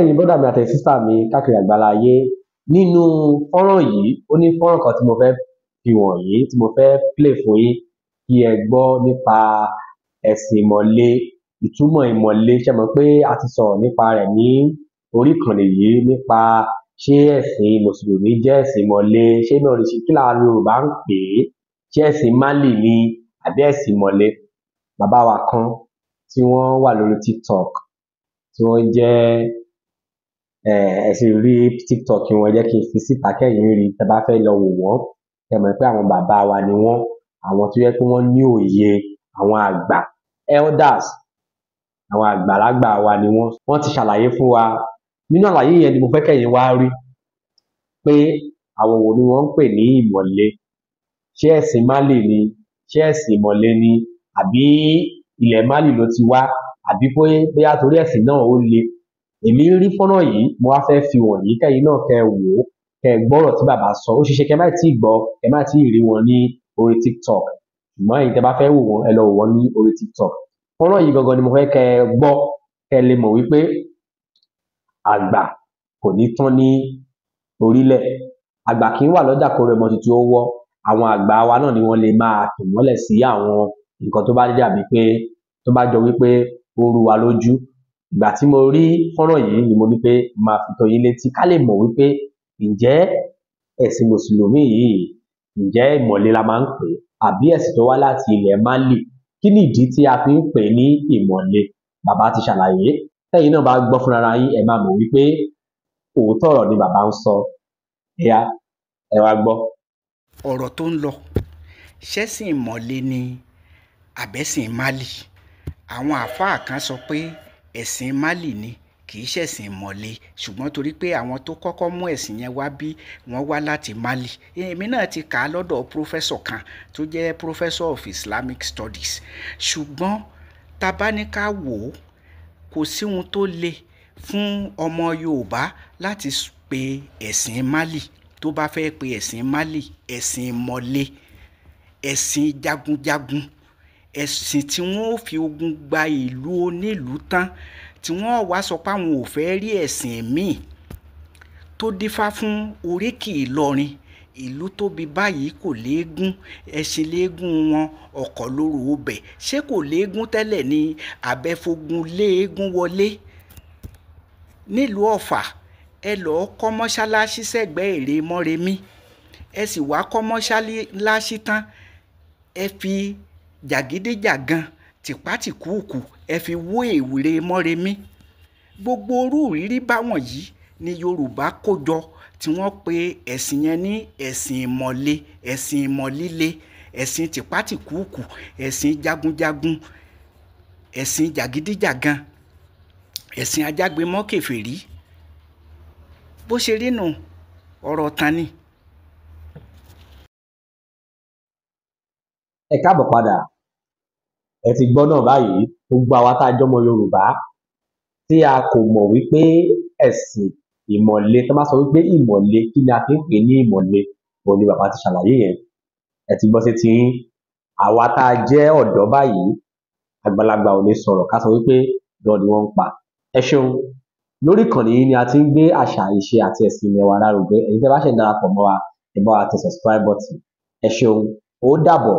ẹ̀yin bọ́dà mi àtẹ̀yìn sísá mi káàkiri àgbàlá ayé nínú fọ́nrán yìí ó ní fọ́nrán kan tí mo fẹ́ fi wọ̀nyí tí mo fẹ́ play fún yín kí ẹ gbọ́ nípa ẹ̀sìn ìmọ̀le ìtumọ̀ ìmọ̀le ṣe mọ̀ pé a ti sọ̀rọ̀ nípa rẹ̀ ní orí ìkànnì yìí nípa ṣé ẹ̀sìn mùsùlùmí jẹ́ ẹ̀sìn ìmọ̀le ṣé náà lè ṣe kí láàrin yorùbá ń pè é ṣé ẹ̀sìn málì ni àbí ẹ̀sìn ìmọ̀le bàbá wa kan tí wọ́n wà lórí tiktok tí wọ́n jẹ́ ẹ sì rí tiktok wọn jẹ́ kí n fi síta kẹ́yìn rí tẹ́ bá fẹ́ lọ wò wọ́n ẹ mọ̀ pé àwọn bàbá wa ni wọ́n àwọn tó yẹ pé wọ́n ní òye àwọn àgbà elders àwọn àgbàlagbà wa ni wọ́n wọ́n ti ṣàlàyé fún wa nínú àlàyé yẹn ni mo fẹ́ kẹ́yìn wá rí pé àwọn wo ni wọ́n ń pè ní ìmọ̀le ṣé ẹ̀sìn Málì ni ṣé ẹ̀sìn ìmọ̀le ni àbí ilẹ̀ Málì ló ti wá àbí bóyá torí ẹ̀sìn náà ó le èmi rí fọ́nrán yìí mo wá fẹ́ fi wọ̀nyí kẹ́yìn náà kẹ́ wò ó kẹ́ gbọ́rọ̀ tí bàbá sọ ó ṣeéṣe kẹ́ má tí ì gbọ́ kẹ́ má tí ì rí wọn ní orí tiktok ṣùgbọ́n ẹ̀yin tẹ́ bá fẹ́ wò wọ́n ẹ lọ wò wọ́n ní orí tiktok fọ́nrán yìí gangan ni mo fẹ́ kẹ́ gbọ́ kẹ́ lè mọ̀ wípé àgbà kò ní tán ní orílẹ̀ àgbà kì í wà lọ́jà kó rẹ̀ tuntun ó wọ́ àwọn àgbà wa náà ni wọ́n lè máa tò mọ́lẹ̀ sí àwọn nǹkan tó bá dàbí pé tó bá jọ wípé ó rú wa lójú ìgbà tí mo rí fọ́nrán yìí ni mo ní pé máa fi tó yín létí ká lè mọ̀ wípé ǹjẹ́ ẹ̀sìn mùsùlùmí yìí ǹjẹ́ ìmọ̀le la máa ń pè é àbí ẹ̀sìn tó wá láti ilẹ̀ Mali kí ni ìdí tí a fi ń pè é ní ìmọ̀le bàbá ti ṣàlàyé tẹ́yìn náà bá gbọ́ fúnra yín ẹ máa mọ̀ wípé òótọ́ ọ̀rọ̀ ni bàbá ń sọ ẹ̀yà ẹ wá gbọ́. ọ̀rọ̀ tó ń lọ ṣẹ́sìn ìmọ̀le ni àbẹ́sìn Mali àwọn àáfàá kan sọ pé ẹ̀sìn Málì ni kì í ṣẹ̀sìn ìmọ̀le ṣùgbọ́n torí pé àwọn tó kọ́kọ́ mú ẹ̀sìn yẹn wá bí wọ́n wá láti Mali èmi náà ti kà á lọ́dọ̀ pírọ́fẹ́sọ̀ kan tó jẹ́ pírọ́fẹ́sọ̀ of Islamic Studies ṣùgbọ́n tabaníká wò ó kò sí ohun tó le fún ọmọ Yorùbá láti pe ẹ̀sìn Mali tó bá fẹ́ pe ẹ̀sìn Mali ẹ̀sìn ìmọ̀le ẹ̀sìn jagunjagun ẹ̀sìn tí wọ́n ò fi ogun gba ìlú onílùú tán tí wọ́n wá sọ pé àwọn ò fẹ́ rí ẹ̀sìn míì tó dífá fún oríkì Ìlọrin ìlú tóbi báyìí kò léegun ẹṣin léegun wọn ọkọ lóru ọbẹ ṣé kò léegun tẹ́lẹ̀ ni abẹ́fogun léegun wọlé nílùú Ọ̀fà ẹ lọ́ọ́ kọ́ mọ́ṣáláṣí sẹ́gbẹ́ èrè mọ́remí ẹ sì wá kọ́ mọ́ṣáláṣí tán ẹ fi jàgídíjàgan tìpátìkúùkù ẹ fi wó èwúrẹ́ mọ́remí gbogbo orú ìrírí báwọn yìí ni yorùbá kó jọ tí wọ́n pe ẹ̀sìn yẹn ní ẹ̀sìn ìmọ̀le ẹ̀sìn ìmọ̀líle ẹ̀sìn tìpátìkúùkù ẹ̀sìn jagunjagun ẹ̀sìn jàgídíjàgan ẹ̀sìn ajágbémọ́kèfèrí bó ṣe rí nù ọ̀rọ̀ tán ni. ẹ káàbọ̀ padà ẹ ti gbọ́ náà báyìí gbogbo àwa tá a jọmọ Yorùbá tí a kò mọ̀ wípé ẹ̀sìn ìmọ̀le tó bá sọ wípé ìmọ̀le kí ni a fi ń pè ní ìmọ̀le òun ni bàbá ti ṣàlàyé yẹn ẹ ti gbọ́ sí ti yín àwa tá a jẹ́ ọ̀dọ́ báyìí àgbàlagbà ò ní sọ̀rọ̀ ká sọ wípé lọ ni wọ́n ń pa ẹ ṣeun lórí ìkànnì yìí ni a ti ń gbé àṣà ìṣe àti ẹ̀sìn ilẹ̀ wa lárugẹ èyí tẹ́ bá ṣe darapọ̀ mọ́ wa ẹ bá subscribe button ẹ ṣeun ó dàbọ̀